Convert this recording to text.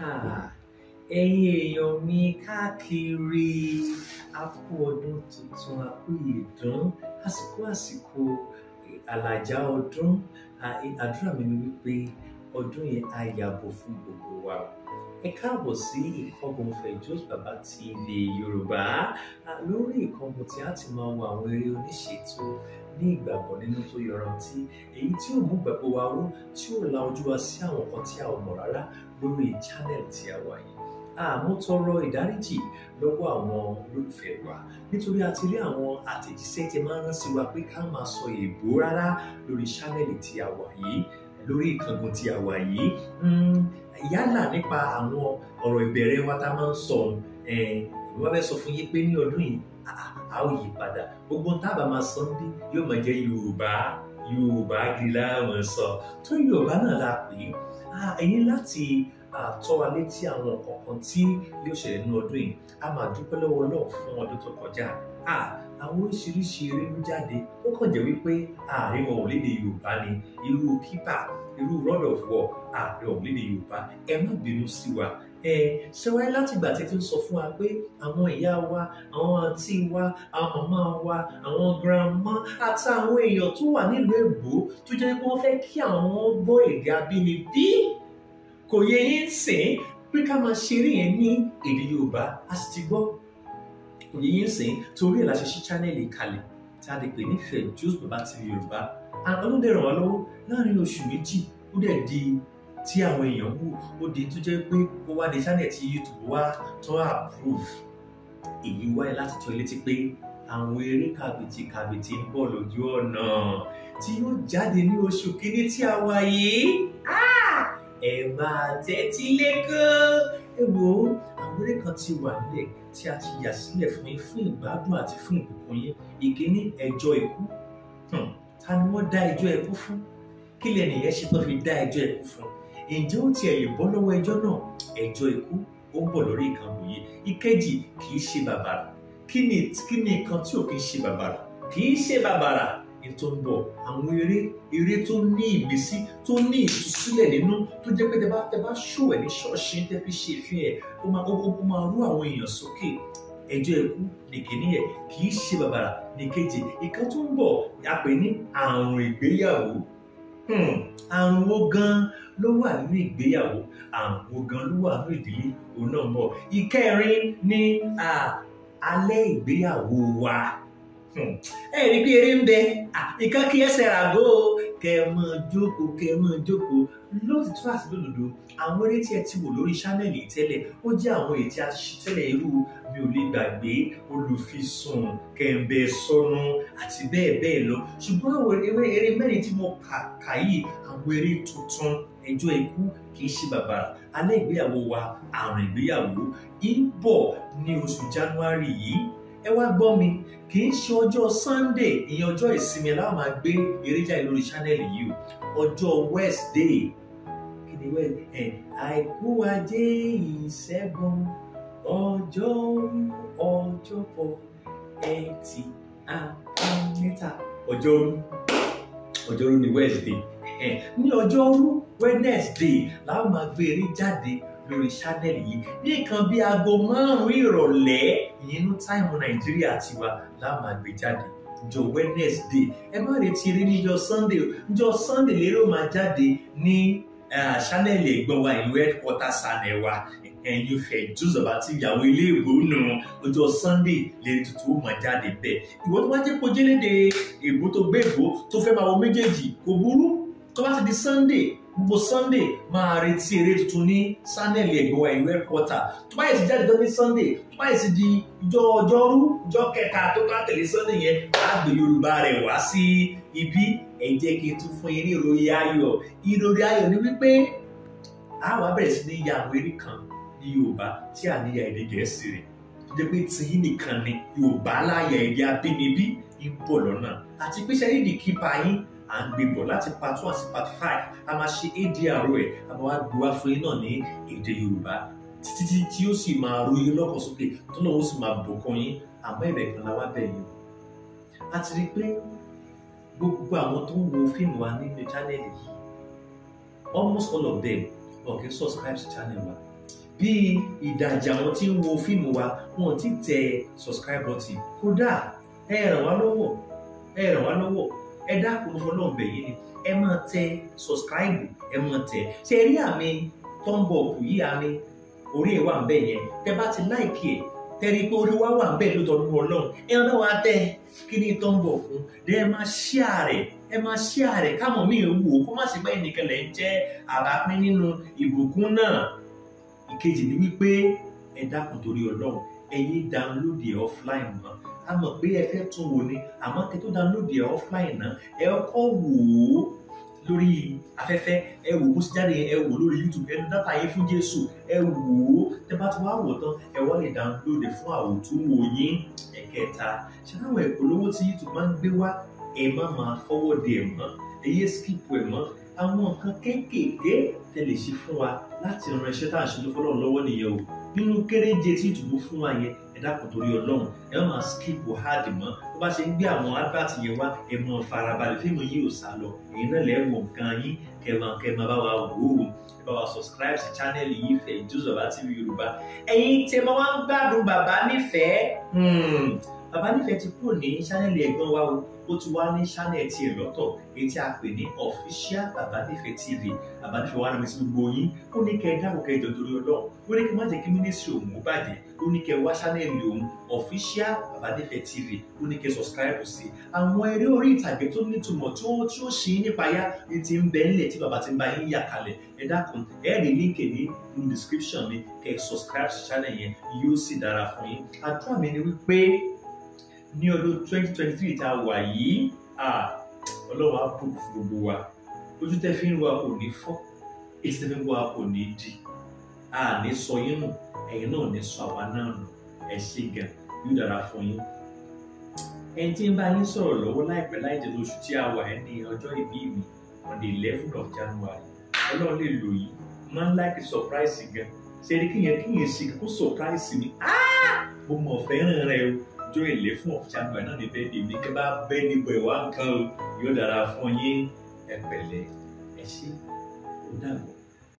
ẹ̀yin èèyàn mi káàkiri a kú ọdún tuntun a kú ìdún àsìkò àsìkò àlàjá ọdún àdúrà mi ni wípé ọdún yẹn á yàgò fún gbogbo wa ẹ káàbọ̀ sí ìkọ́gun Fejosbaba bàbá ti ilẹ̀ Yorùbá lórí ìkọ́gun tí a ti máa wo àwọn eré oníṣètò ní ìgbàgbọ́ nínú tó yọrantí èyí tí ó mú gbàgbọ́ wa ró tí ó la ojú wa sí àwọn kan tí a ò mọ̀ rárá lórí channel tí a wà yìí àmútọrọ ìdáríjì lọ́wọ́ àwọn olólùfẹ́ wa nítorí a ti rí àwọn àtẹ̀jíṣẹ́ tí máa ń rán sí wa pé ká máa sọ èèbó rárá lórí ṣánẹ́lì tí a wà yìí lórí ìkángun tí a wà yìí hmm, yálà nípa àwọn ọ̀rọ̀ ìbẹ̀rẹ̀ wa tá a máa ń sọ ìwọ́n fẹ́ sọ fún yín pé ní ọdún yìí a ó yí padà gbogbo tábà máa sọ ní yóò máa jẹ́ yorùbá yorùbá gíga wọn sọ tó yorùbá náà la pè é ẹ̀yin láti tọ́ wa létí àwọn kọ̀ọ̀kan tí yóò ṣẹlẹ̀ nínú ọdún yìí a máa dúpẹ́ lọ́wọ́ Ọlọ́run fún ọdún tó kọjá àwọn oríṣiríṣi eré ló jáde ó kàn jẹ́ wípé ààrẹ wọn ò léde yorùbá ni irú pípà irú rọ́dọ̀ fọ ààrẹ ò léde yorùbá ẹ má bínú sí wa ṣé wáyé láti ìgbà tí ti ń sọ fún wa pé àwọn ìyá wa àwọn àǹtí wa àwọn màmá wa àwọn grandma àti àwọn èèyàn tó wà nílùú èbó tó jẹ́ pé wọ́n fẹ́ kí àwọn gbọ́ èdè abínibí kò yẹ yín sìn pé ká máa ṣeré yẹn ní èdè yorùbá a sì ti gbọ́ kò yẹ yín sìn torí ẹ̀ la ṣe ṣí chánẹ́ẹ̀lì kalẹ̀ tí a lè pè ní Fejosbaba TV yorùbá àwọn ọlọ́dẹ̀ ràn wá lọ́wọ́ láàrin oṣù méjì ó dẹ̀ di tí àwọn èèyàn wù ó di tó jẹ́ pé ó wá di channel tí YouTube wá tó approve èyí wáyé láti tọ́ létí pé àwọn eré kàbìtì kàbìtì ń bọ̀ lójú ọ̀nà tí yóò jáde ní oṣù kínní tí a wà yìí ah! ẹ máa tẹ́tí lẹ́kọ̀ọ́ ẹ wò ó àwọn eré kan ti wà nílẹ̀ tí a ti yà sílẹ̀ fún yín fún ìgbádùn àti fún ìbùkún yín ìkíní ẹjọ́ ikú hmm, ta ni wọ́n dá ẹjọ́ ikú fún kí lẹ́nu yẹn ṣe tó fi dá ẹjọ́ ikú fún un ǹjẹ́ ó tiẹ̀ lè bọ́ lọ́wọ́ ẹjọ́ náà ẹjọ́ ikú ó ń bọ̀ lórí ìkànnì yìí ìkejì kì í ṣe bàbàrà kí ni kí ni nǹkan tí ò kì í ṣe bàbàrà kì í ṣe bàbàrà ètò ń bọ̀ àwọn eré eré tó ní ìmísí tó ní ìtúsílẹ̀ nínú tó jẹ́ pé tẹ́bá tẹ́bá ṣòwẹ̀ ní ṣọ́ọ̀ṣì tẹ́ fi ṣe ìfihàn ẹ̀ ó máa ó máa rú àwọn èèyàn sókè ẹjọ́ ikú nìkíní ẹ̀ kì í ṣe bàbàrà nìkejì ìkan tó ń bọ̀ a ní àrùn ìgbéyàwó hmm, àrùn wo gan-an ló wà nínú ìgbéyàwó àwọn gan ló wà nínú ìdílé òun náà bọ̀ ìkẹrin ní alẹ́ ìgbéyàwó wa hmm. ẹ rí bí eré ń bẹ ìkan kí ẹsẹ̀ ràgó kẹ mọ jókòó kẹ mọ jókòó lóòtítọ́ àti lódodo àwọn eré tí ẹ ti wò lórí ṣánẹ́ẹ̀lì tẹ́lẹ̀ ó jẹ́ àwọn èyí tí a ṣe tẹ́lẹ̀ irú mi ò lè gbàgbé olùfisùn kẹ̀ǹbẹ̀ sọnù àti bẹ́ẹ̀ bẹ́ẹ̀ lọ ṣùgbọ́n àwọn eré mẹ́rin tí mo kà yìí àwọn eré tuntun ẹjọ́ ikú kì í ṣe bàbàrà alẹ́ ìgbéyàwó wa àrùn ìgbéyàwó ìbọ̀ ní oṣù January yìí ẹ wá gbọ́ mi kì í ṣe ọjọ́ Sunday ìyẹn ọjọ́ ìsinmi láwọn máa gbé eré jáde lórí channel yìí o ọjọ́ Wednesday kí ni wẹ́ẹ̀ àìkú ajé ìṣẹ́gun ọjọ́ ọjọ́bọ̀ ẹtì àbámẹ́ta ọjọ́rú ọjọ́rú ni Wednesday ní ọjọ́rú Wednesday la ó máa gbé eré jáde lórí channel yìí ní nǹkan bí aago márùn-ún ìrọ̀lẹ́ ìyẹn táìmù Nàìjíríà tiwa la ó máa gbé jáde jọ Wednesday ẹ má retí eré níjọ́ Sunday níjọ́ Sunday lérò máa jáde ní channel ẹ̀gbọ́n wa ìlú headquarters channel wa ẹ̀yin fẹ́ jùzọba tí ìyàwó ilé ìbò nù ọjọ́ sunday lè tutù ó máa jáde bẹ́ẹ̀ ìwọ tó wá jẹ́ kó jẹ́lédè èbó tó gbé èbó tó fẹ́ máa wọ méjèèjì kò burú tó bá ti di sunday gbogbo sunday máa retí eré tuntun ní sanẹ́ẹ̀lì ẹ̀gbọ́n ẹ̀yọ́ ẹ̀kọ́ta tó bá yẹ ti jáde tó ní sunday tó bá yẹ ti di ìjọ ọjọ́rú ìjọ kẹta tó bá tẹ̀lé sunday yẹn láàgbé yorùbá rẹ̀ wá sí ibi ẹ jẹ́ kí n tún fún yín ní ìròyìn ayọ̀ ìròyìn ayọ̀ ni wípé àwa bẹ̀rẹ̀ sí ní ya àwọn eré kan ní yorùbá tí àníyàn èdè gẹ̀ẹ́sì rẹ̀ tó jẹ́ pé tìyín nìkan ni yorùbá láyà èdè abínibí ń bọ̀ lọ́nà àti pé ṣe é yín And ń gbé bọ̀ láti part one sí part five a máa ṣe adr ẹ̀ a máa wá gbé wá fún yín náà ní èdè yorùbá títí tí ó sì máa ro yín lọ́kàn sókè tó náà ó sì máa bùkún yín àmọ́ ìbẹ̀ kan la wá bẹ̀ yín a ti rí i pé gbogbo àwọn tó ń wo fíìmù wa nínú channel yìí almost all of them wọn kì í subscribe sí channel wa bíi ìdajì àwọn tí ń wo fíìmù wa wọn ti tẹ subscribe button kódà ẹ ràn wá lọ́wọ́ ẹ ràn wá lọ́wọ́ ẹ dákun ọlọ́run bẹ̀ yín ni ẹ máa tẹ subscribe ẹ máa tẹ ṣe rí àmì tọ́ǹbù ọ̀pù yìí àmì orí ẹ̀ wà ń bẹ̀ yẹn tẹ bá ti láìkì ẹ̀ tẹ́rí pé orí wa wà ń bẹ̀ lótọ́jú ọlọ́run ẹ ọ̀dọ́ wa tẹ kí ni tọ́ǹbù ọ̀pù dẹ́ ẹ máa share rẹ̀ ẹ máa share rẹ̀ káwọn míì wò ó kó má sì báyìí nìkan lẹ̀ ń jẹ́ àbápín nínú ìbùkún náà ìkejì ni wípé ẹ dákun torí ọlọ́run ẹ yé download ẹ offline mọ́ a mọ̀ pé ẹ fẹ́ tún wò ni àmọ́ kí tó download ẹ̀ offline náà ẹ kọ́ wò ó lórí afẹ́fẹ́ ẹ wò bó ṣe jáde ẹ wò lórí youtube ẹ dátà yín fún jésù ẹ wò ó tẹ bá ti wá wò tán ẹ wá lè download ẹ fún àwòtúnwò yín ẹ̀kẹta ṣáláwọ̀ ìpolówó tí youtube máa ń gbé wá ẹ má máa fọwọ́ de ẹ̀ mọ́ ẹ yé skip ẹ̀ mọ́ àwọn nǹkan kéékèèké tẹ lè ṣe fún wa láti ran iṣẹ́ tá à ń ṣe lọ́wọ́ nìyẹn o bínú kéréje tí ìdùnnú fún wa yẹn ẹ dákun torí ọlọ́run ẹ má máa skip hard mọ́ bó bá ṣe ń gbé àwọn advert yẹn wá ẹ mọ farabalẹ̀ fíìmù yìí ò sá lọ èyí náà lẹ́ wọ̀ nǹkan yín kẹmà kẹmà bá wa wò ó ẹ bá wa subscribe sí channel yìí Fejosbaba TV Yorùbá ẹ̀yin tẹ́ máa ń gbádùn bàbá nífẹ̀ẹ́ hmm, bàbá nífẹ̀ẹ́ ti kúrò ní ṣánẹ́ẹ̀lì ẹ̀gbọ́n wa o ó ti wá ní ṣánẹ́ẹ̀ tiẹ̀ lọ́tọ̀ èyí tí a pè ní official bàbá nífẹ̀ẹ́ tv bàbá nífẹ̀ẹ́ wa náà sí gbogbo yín ó ní kẹ́ ẹ dáhùn kẹ́ ẹ jọ torí ọlọ́run ó ní kẹ́ má jẹ́ kí mínísírì òun bàjẹ́ ó ní kẹ́ wá ṣánẹ́ẹ̀lì òun official bàbá nífẹ̀ẹ́ tv ó ní kẹ́ subscribe sí àwọn eré orí ìtàgé tó nítumọ̀ tí ó tí ó ṣì ń nípayá ní ti ń bẹ nílẹ̀ tí bàbá ti ń bá yín yà kalẹ̀ ẹ dákun ẹ rí líǹkì ní description mi kẹ́ subscribe sí channel yẹn yóò sì dára fún yín àdúrà mi ni wípé ní ọdún 2023 tá a wà yìí ọlọ́run á bùkún fún gbogbo wa ojú tẹ́ fi ń wa kò ní fọ́ èsì tẹ́ fi ń wa kò ní di a ní sọ yín nù ẹ̀yin náà ní sọ àwa náà nù ẹ̀ ṣe gan yóò dára fún yín ẹni tí ń bá yín sọ̀rọ̀ lọ́wọ́ láìpẹ́ láì jẹ́ lóṣù tí a wà ẹ́ ní ọjọ́ ìbí mi on the eleven of January ọlọ́run lè lò yìí máa ń láìkì surprise gan ṣe é kí yẹn kí yẹn ṣe kó surprise mi mo mọ̀ fẹ́ràn rẹ o jó èlé fún ọ̀fíìsàmù ẹ̀ náà ní bẹ́ẹ̀ dìbò ní kí bá bẹ́ níbo ìwà nǹkan yóò dára fún yín ẹ pẹ̀lẹ́ ó dàbọ̀.